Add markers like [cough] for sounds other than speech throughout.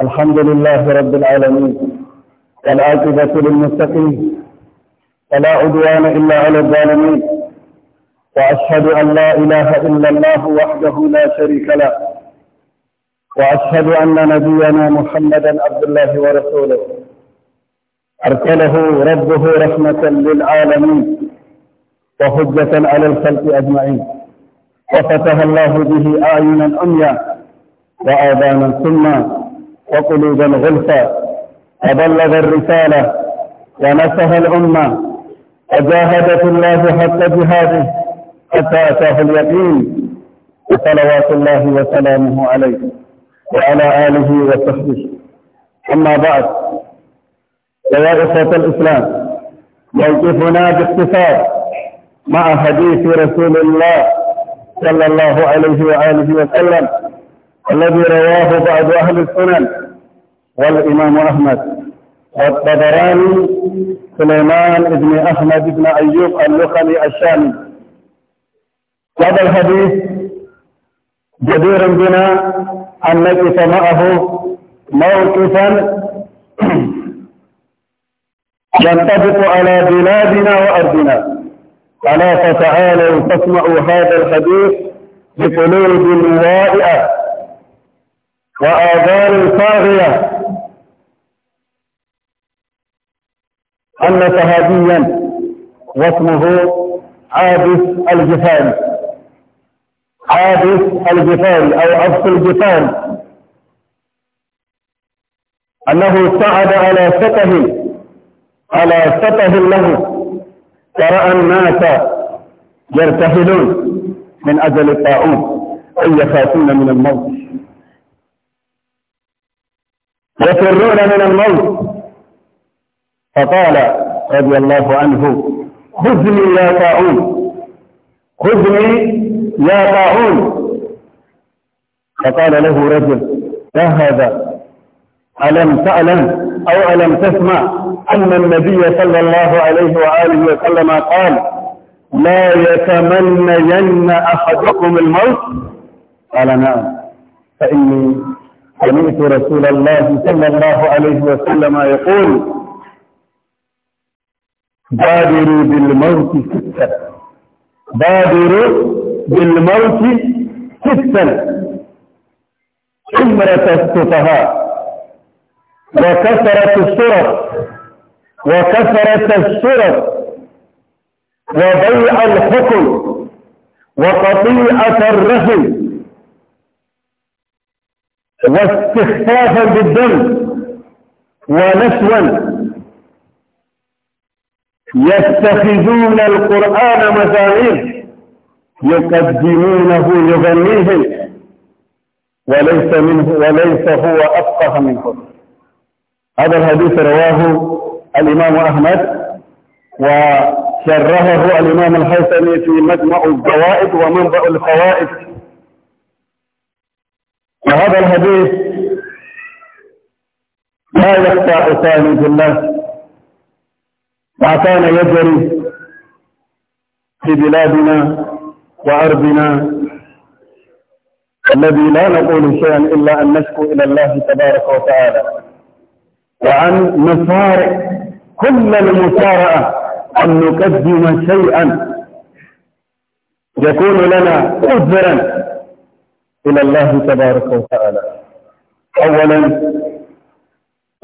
الحمد لله رب العالمين والعاقبة للمتقين ولا عدوان إلا على الظالمين وأشهد أن لا إله إلا الله وحده لا شريك له وأشهد أن نبينا محمدا عبد الله ورسوله أرسله ربه رحمة للعالمين وحجة على الخلق أجمعين وفتح الله به أعين الأمياء وآذانا سما وقلوبا غلفا أبلغ الرسالة ونصح الأمة وجاهد في الله حتى جهاده حتى أتاه اليقين وصلوات الله وسلامه عليه وعلى آله وصحبه أما بعد يا إخوة الإسلام موقفنا باختصار مع حديث رسول الله صلى الله عليه وآله وسلم الذي رواه بعض أهل السنن والإمام أحمد والطبراني سليمان بن أحمد بن أيوب اللخمي الشامي هذا الحديث جدير بنا أن نقف معه موقفا [clears throat] ينطبق على بلادنا وأرضنا ألا فتعالوا فاسمعوا هذا الحديث بقلوب واعئة وآذان طاغية أن صحابيا واسمه عابس الجفان عابس الجفان أو عبس الجفان أنه صعد على سطح على سطح له فرأى الناس يرتحلون من أجل الطاعون أي يخافون من الموت يفرون من الموت فقال رضي الله عنه خذني يا طاعون خذني يا طاعون فقال له رجل ذهب هذا ألم تعلم أو ألم تسمع أن النبي صلى الله عليه وآله وسلم قال لا يتمنين أحدكم الموت قال نعم فإني سمعت رسول الله صلى الله عليه وسلم يقول بادروا بالموت ستا بادروا بالموت ستا حمرة السفهاء وكثرة الشرف وكثرة الشرف وضيع الحكم وقطيعة الرحم واستخفافا بالدم ونسوا يتخذون القرآن مزامير يقدمونه يغنيهم وليس منه وليس هو أفقه منهم هذا الحديث رواه الإمام أحمد وشرهه الإمام الحسن في مجمع الزوائد ومنبع الخوائد وهذا الحديث لا يخطأ ثاني في الله وكان يجري في بلادنا وأرضنا الذي لا نقول شيئا إلا أن نشكو إلى الله تبارك وتعالى وعن نسارع كل المسارعة أن نقدم شيئا يكون لنا عذرا إلى الله تبارك وتعالى أولا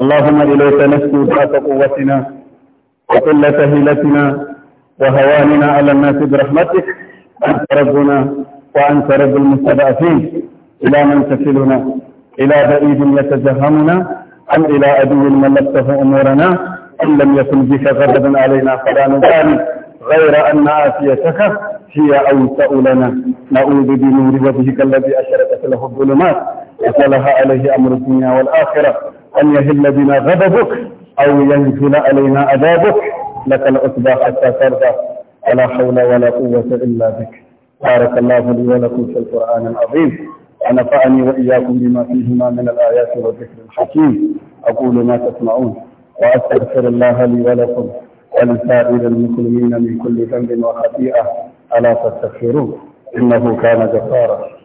اللهم إليك نشكو ذات قوتنا وقلة هيلتنا وهواننا على الناس برحمتك أنت ربنا وأنت رب المستضعفين إلى من تكلنا إلى بعيد يتجهمنا أم إلى عدو ملكته أمورنا إن لم يكن بك غضب علينا فلا نبالي غير أن آتيتك هي أوسأ لنا نعوذ بنور وجهك الذي أشرقت له الظلمات وصلها عليه أمر الدنيا والآخرة أن يهل بنا غضبك أو ينزل علينا عذابك لك العتبى حتى ترضى ولا حول ولا قوة إلا بك بارك الله لي ولكم في القرآن العظيم ونفعني وإياكم بما فيهما من الآيات والذكر الحكيم أقول ما تسمعون وأستغفر الله لي ولكم ولسائر المسلمين من كل ذنب وخطيئة ألا تستغفرون إنه كان غفارا